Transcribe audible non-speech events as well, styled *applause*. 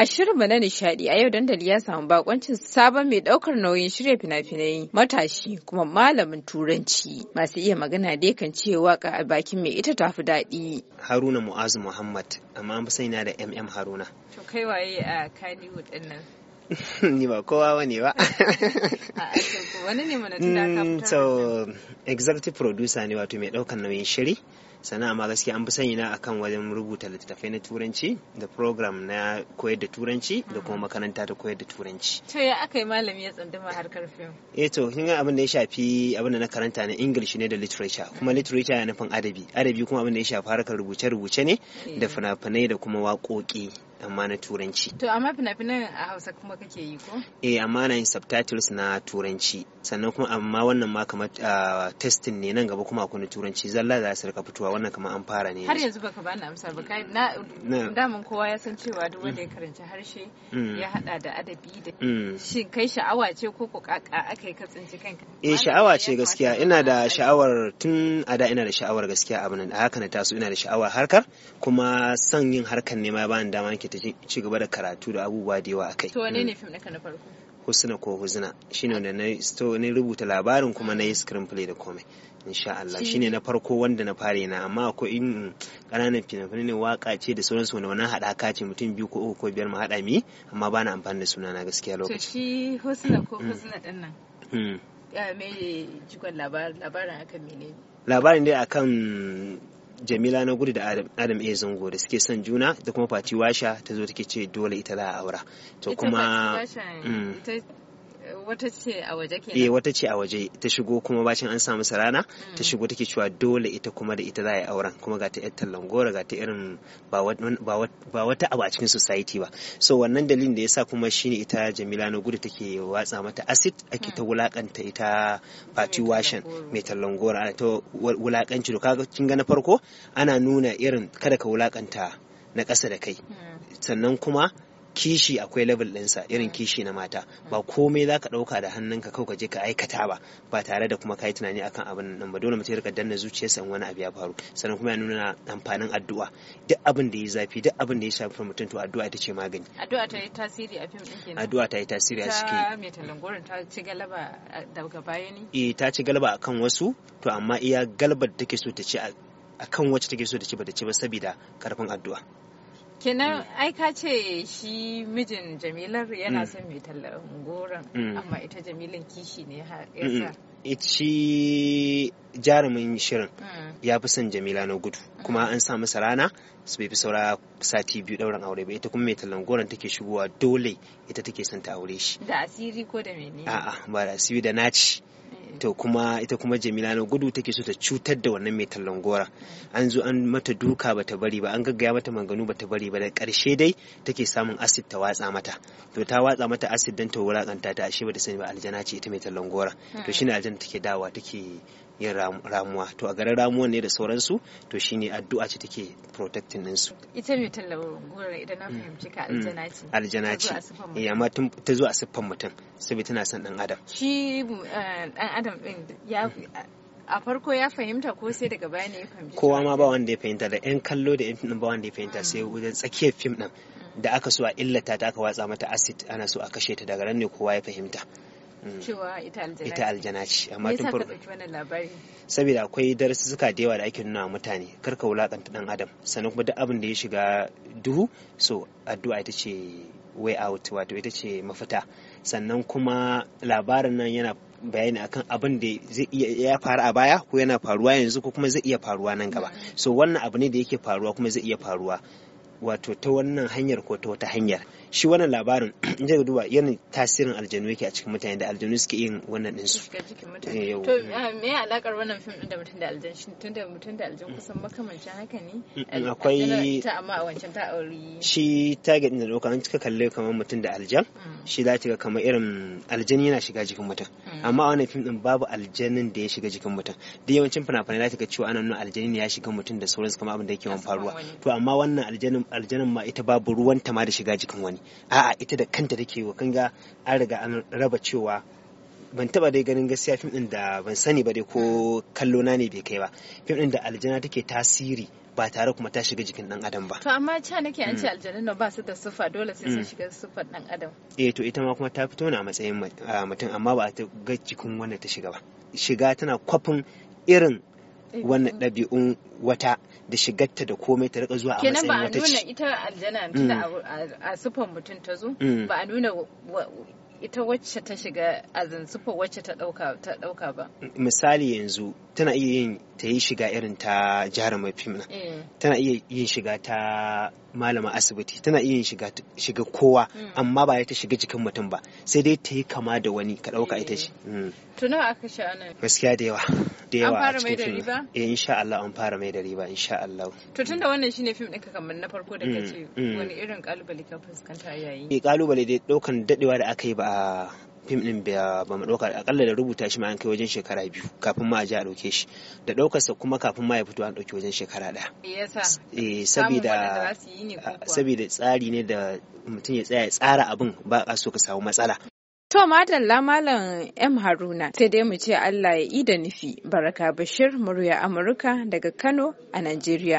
A shirinmu na nishadi a yau dandali ya samu bakoncin sabon mai daukar nauyin shirya fina-finai matashi kuma malamin turanci masu iya magana da yakan ce waka a bakin mai ita tafi daɗi. Haruna Mu'azu Muhammad amma an fi sani da MM Haruna. To kai waye a Kannywood ɗin nan? ni ba kowa wani ba wani ne so executive producer ne wato mai daukan nauyin shiri sannan amma gaskiya an fi sanyi na akan wajen rubuta littattafai na turanci da program na koyar da turanci da kuma makaranta ta koyar da turanci to ya aka yi malami ya tsanduma harkar fim eh to kin abin da ya shafi abin da na karanta na english ne da literature kuma literature ya nufin adabi adabi kuma abin da ya shafi harkar rubuce rubuce ne da fina-finai da kuma waƙoƙi amma na turanci. To amma fina-finan a Hausa kuma kake yi ko? Eh amma na yin subtitles na turanci sannan kuma amma wannan ma kamar ah, testin ne nan gaba kuma akwai turanci zalla za su rika fitowa wannan kamar an fara ne. Har yanzu baka bani amsa ba kai na damun kowa ya san cewa duk wanda ya mm. karanci harshe mm. ya hada da adabi da mm. shin kai sha'awa ce ko ko kaka akai ka tsinci kanka? Eh sha'awa ce gaskiya ina da sha'awar tun a da ina da sha'awar gaskiya abin da haka na taso ina da sha'awar harkar kuma son yin harkar ne ma ba ni dama nake sake ta ci gaba da karatu da abubuwa da yawa akai to wane ne mm. film ɗinka na farko husna ko huzna shine wanda na ne rubuta labarin kuma na yi screenplay da komai insha Allah shine na farko wanda na fare na amma akwai in kananan fina-finai ne waka ce da sauransu wanda wannan haɗaka ce mutum biyu ko uku ko biyar mu haɗa mi amma ba na amfani da suna na gaskiya lokaci to shi husna ko mm. huzna din nan mm. me jikon labarin akan menene labarin dai akan jamila na gudu da adam a zango da suke son juna da kuma fati washa ta zo take ce dole ita za a aura to kuma wata ce a waje kenan eh wata ce a waje ta shigo kuma bacin an samu sarana ta mm. shigo take cewa dole ita kuma da ita za a yi auren kuma ga ta yar tallan ga ta irin ba wata abu a cikin society ba so wannan dalilin da yasa kuma shine ita Jamila na gudu take watsa mata acid ake ta mm. wulakanta ita Fati washing mai tallan goro ta wulakanci to kaga kin ga na farko ana nuna irin kada ka wulakanta na ƙasa da kai mm. sannan kuma kishi akwai level ɗinsa irin kishi na mata ba komai za ka ɗauka da hannunka kawai ka je ka aikata ba ba tare da kuma ka yi tunani akan abin nan ba dole mutum ya danna zuciyarsa wani abu ya faru sannan kuma ya nuna amfanin addu'a duk abin da ya zafi duk abin da ya shafi mutum to addu'a ita ce magani addu'a ta yi tasiri a fim ɗin kenan addu'a ta yi tasiri a ciki ta mai talangorin ta ci galaba daga baya ne eh ta ci galaba akan wasu to amma iya galabar da take so ta ci akan wacce take so ta ci ba ta ci ba saboda karfin addu'a kenan mm. ai ka ce shi mijin jamilar yana mm. son mai talla goron mm. amma ita jamilin kishi ne ya ci jarumin shirin ya fi son jamila na gudu kuma an sa masa rana su bai fi saura sati biyu ɗaurin aure ba ita kuma mai tallan goron take shigowa dole ita take son ta aure shi da asiri ko da menene a'a ba da asiri da naci to kuma ita kuma jamila na gudu take so ta cutar da wannan mai tallan gora an zo an mata duka bata bari ba an gaggaya mata manganu bata bari ba da karshe dai take samun asid ta watsa mata to ta watsa mata asid dan ta wulakanta ta ashe bata sani ba aljana ce ita mai tallan gora to hmm. shine aljana take dawa take yin ramuwa to a garin ramuwan ne da sauransu to shine addu'a ce take protecting din su ita ne idan na mm. fahimci ka mm. aljana ce aljana ce eh amma ta zuwa siffan mutum saboda tana son dan adam shi dan eh, adam din ya mm. a farko ya fahimta ko sai daga baya ne ya fahimci kowa ma ba wanda ya fahimta da yan kallo da yan ba wanda ya fahimta sai wajen tsakiyar fim din da aka so a illata ta aka watsa mata acid ana so a kashe ta daga ran ne kowa ya fahimta Mm. cewa ita aljana ce amma tun farko saboda akwai darussuka da yawa da ake nuna mutane karka wulakanta dan adam sannan kuma duk abin da ya shiga duhu so addu'a ita ce way out wato ita ce mafita sannan kuma labarin nan yana bayani akan abin da zai iya ya faru a baya ko yana faruwa yanzu ko kuma zai iya faruwa nan gaba mm. so wannan abu ne da yake faruwa kuma zai iya faruwa wato ta wannan hanyar ko ta wata hanyar shi wannan labarin *clears throat* in ji duba yana tasirin aljanu yake a cikin mutane da aljanu suke yin wannan din su eh, to ah, me alakar wannan fim din da mutum da aljan shi tun da mutum da aljan kusan makamancin haka ne akwai ta amma a wancan ta aure shi target din da doka an cika kalle kamar mutum da aljan mm. shi za ta ga kamar irin aljan yana shiga jikin mutum mm. amma a wannan fim din babu aljanin da ya shiga jikin mutum da yawancin fina-finai za ta ga cewa ana nuna aljanin ya shiga mutum da sauransu kamar abin da yake faruwa to amma wannan aljanin Aljanan ma ita babu ruwan ta ma da shiga jikin wani a'a ita da kanta take wa kanga an riga an raba cewa ban taba dai ganin gaskiya fim din da ban sani ba dai ko kallo na ne bai kai ba fim din da aljana take tasiri ba tare kuma ta shiga jikin dan adam ba to amma cha nake an ce mm. aljanun nan ba su da siffa dole sai sun mm. shiga siffar dan adam eh to ita ma kuma ta fito ne a matsayin mutum amma ba ta ga jikin wanda ta shiga ba shiga tana kwafin irin Eh, wannan ɗabi'un wata da shigarta da komai ta rika zuwa a matsayin wata ce. Kenan mm. mm. ba a nuna ita aljana a sufan mutum ta zo ba a nuna ita wacce ta shiga a zinsufa wacce ta ɗauka ba misali yanzu tana iya yin ta yi shiga irin ta jarumar fim eh. tana iya yin shiga ta malama asibiti tana iya yin shiga kowa mm. amma ba ya ta shiga jikin mutum ba sai dai ta yi kama da wani ka ɗauka ita eh. ce to nawa aka sha nan gaskiya da yawa da yawa a cikin fim eh insha Allah an fara mai da riba insha Allah to tunda wannan shine fim ɗinka kamar na farko da kace mm, mm. wani irin kalubale ka fuskanta yayin eh kalubale dai daukan dadewa da aka yi ba fim din ba mu dauka akalla da rubuta shi ma an kai wajen shekara biyu kafin ma a je a dauke shi da daukar sa kuma kafin ma ya fito an dauki wajen shekara daya yasa eh saboda saboda tsari ne da mutum ya tsaya ya tsara abin ba a so ka samu matsala To madalla malam M Haruna sai dai mu ce Allah ya yi da nufi baraka Bashir murya Amurka daga Kano a Najeriya.